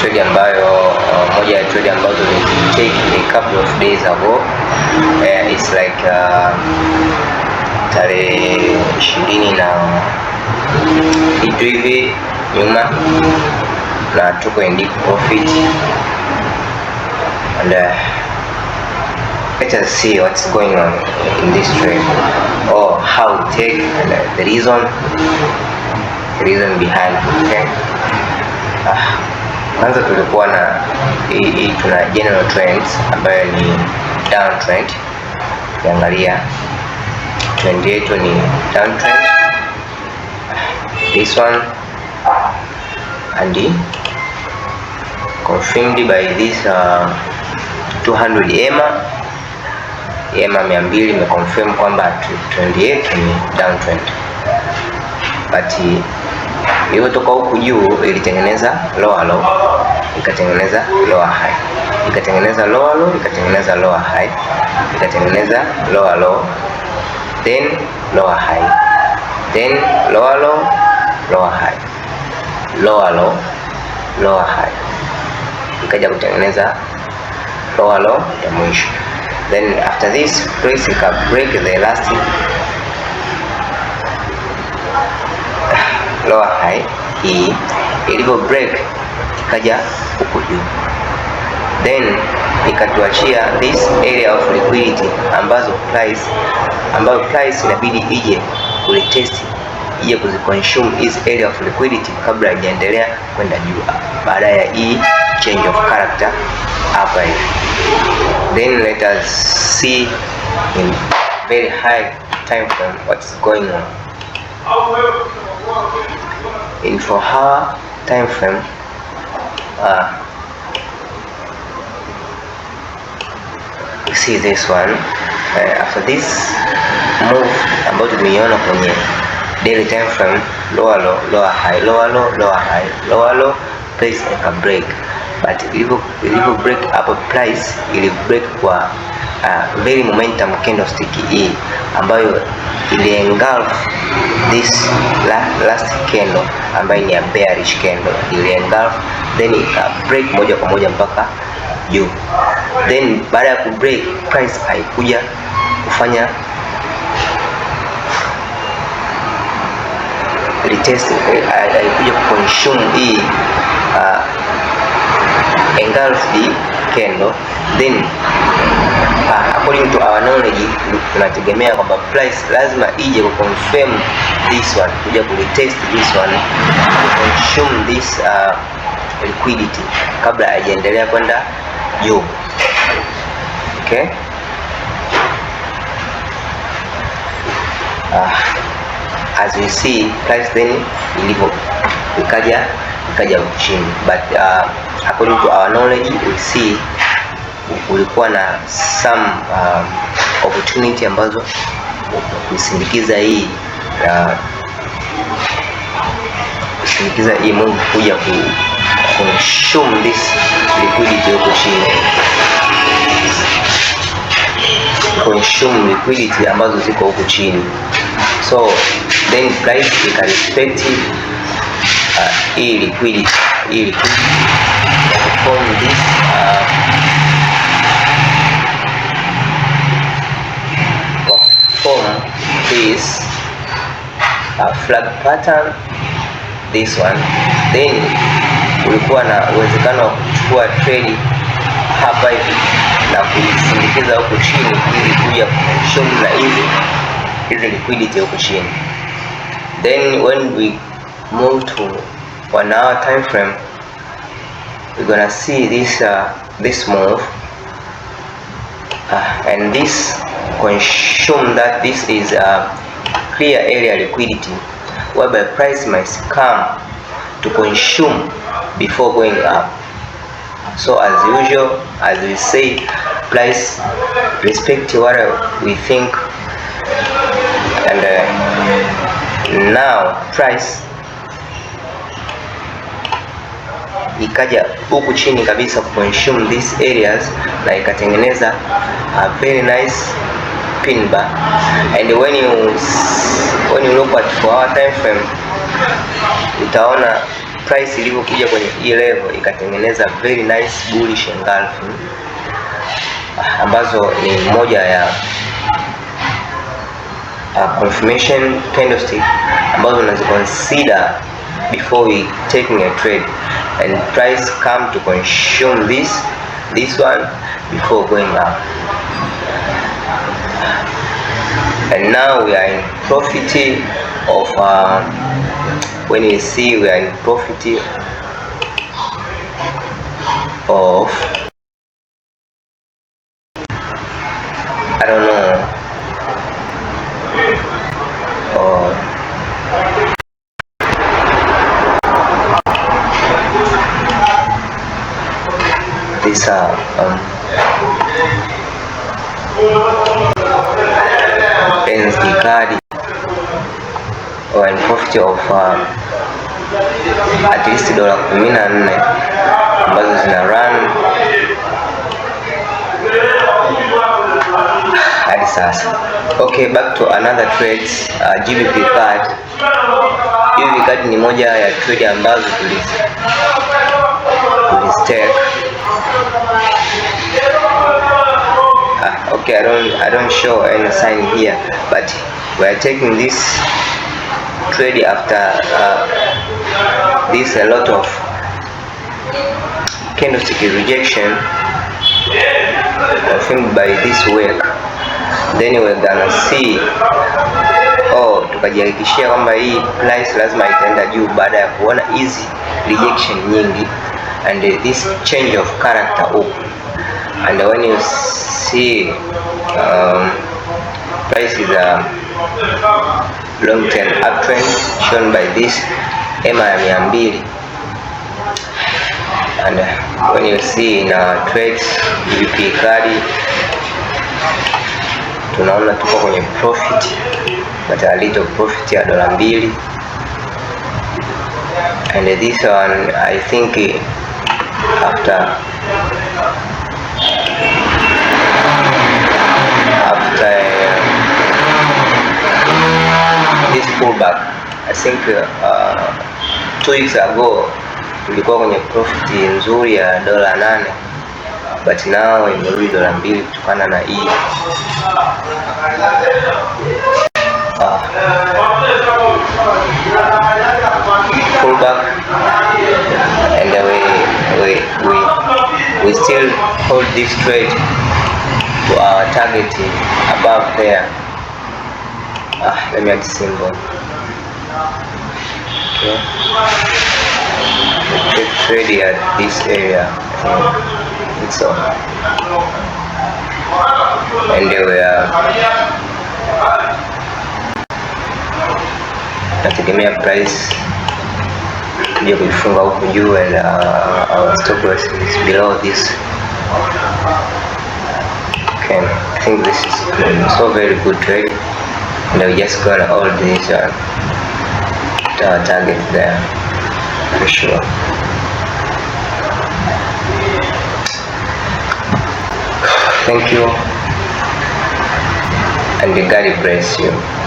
trade ambayo uh, moja ya trade ambazo nilitake a couple of days ago uh, it's like uh, tarehe ishirini na kitu hivi nyuma na tuko in deep profit and uh, let us see what's going on in this trade or oh, how take and, uh, the reason the reason behind okay uh, kwanza tulikuwa na hii, tuna general trends ambayo ni downtrend. Ukiangalia trend yetu ni downtrend, this one and confirmed by this uh, 200 EMA EMA 200 imeconfirm kwamba trend yetu ni downtrend but hiyo toka huku juu ilitengeneza lower low, ikatengeneza lower high, ikatengeneza lower low, ikatengeneza lower high, ikatengeneza lower low, then lower high, then lower low, lower high, lower low, lower high, ikaja kutengeneza lower low ya mwisho. Then after this price ika break the last lower high hii e, ilivyo break ikaja huku juu, then ikatuachia this area of liquidity ambazo price ambayo price inabidi ije kulitest ije kuziconsume hizi area of liquidity kabla haijaendelea kwenda juu, baada ya hii e, change of character hapa hivi, then let us see in very high time frame what's going on in for her time frame uh, see this one uh, after this move ambayo tumeiona kwenye daily time frame lower low lower high lower low lower high lower low place like a break but ilivyo ilivyo break up price ili break kwa uh, very momentum candlestick hii e ambayo ili engulf this la, last candle ambayo ni a bearish candle, ili engulf then ika break moja kwa moja mpaka juu, then baada ya ku break price haikuja kufanya retest, haikuja ku consume hii uh, engulf the candle then according to our knowledge, tunategemea kwamba price lazima ije ku confirm this one, kuja ku retest this one, to consume this uh, liquidity kabla haijaendelea kwenda juu. Okay? Uh, as we see price then ilivyo ikaja ikaja chini, but uh, according to our knowledge we see ulikuwa na some um, opportunity ambazo kusindikiza hii na uh, kusindikiza hii Mungu kuja ku consume this liquidity huko chini, consume liquidity ambazo ziko huko chini, so then price ika respect uh, hii liquidity hii liquidity perform this uh, this uh, flag pattern this one, then ulikuwa na uwezekano wa kuchukua trade hapa hivi na kuisindikiza huko chini ili kuja kuconsume na hivi ili liquidity huko chini. Then when we move to one hour time frame we're gonna see this uh, this move uh, and this consume that this is a clear area liquidity whereby price must come to consume before going up. So as usual, as we say, price respect what we think and uh, now price ikaja huku chini kabisa kuconsume these areas na ikatengeneza a very nice pin back and when you when you look at for our time frame utaona price ilivyokuja kwenye hii level ikatengeneza very nice bullish engulfing hmm, ambazo ni moja ya uh, confirmation candlestick ambazo unaziconsider before we taking a trade and price come to consume this this one before going up. and now we are in profit of uh, when you see we are in profit of I don't know or these are um, or in profit of uh, at least dola kumi na nne ambazo zina run hadi sasa. Okay, back to another trade, uh, GBP card. GBP card ni moja ya trade ambazo tulistake okay, I don't, I don't show any sign here, but we are taking this trade after uh, this a lot of candlestick rejection confirmed by this week, then we're gonna see oh, tukajihakikishia kwamba hii price lazima itaenda juu baada ya kuona hizi rejection nyingi and uh, this change of character huku and when you see um, price is a long term uptrend shown by this ema ya mia and uh, when you see in uh, trades UP carry tunaona tuko kwenye profit but a little profit ya dola mbili and this one I think after think uh, two weeks ago tulikuwa kwenye profit nzuri ya dola nane but now imerudi dola mbili kutokana na hii uh, pullback and we, we, we, we still hold this trade to our target above there. Ah, let me add symbol. Okay. It's really at this area. it's all. And there were nategemea uh, price kuja kuifunga huku you and uh, our stop loss is below this okay I think this is so very good trade and I just got all these uh, uh, target there for sure. Thank you, and the God bless you.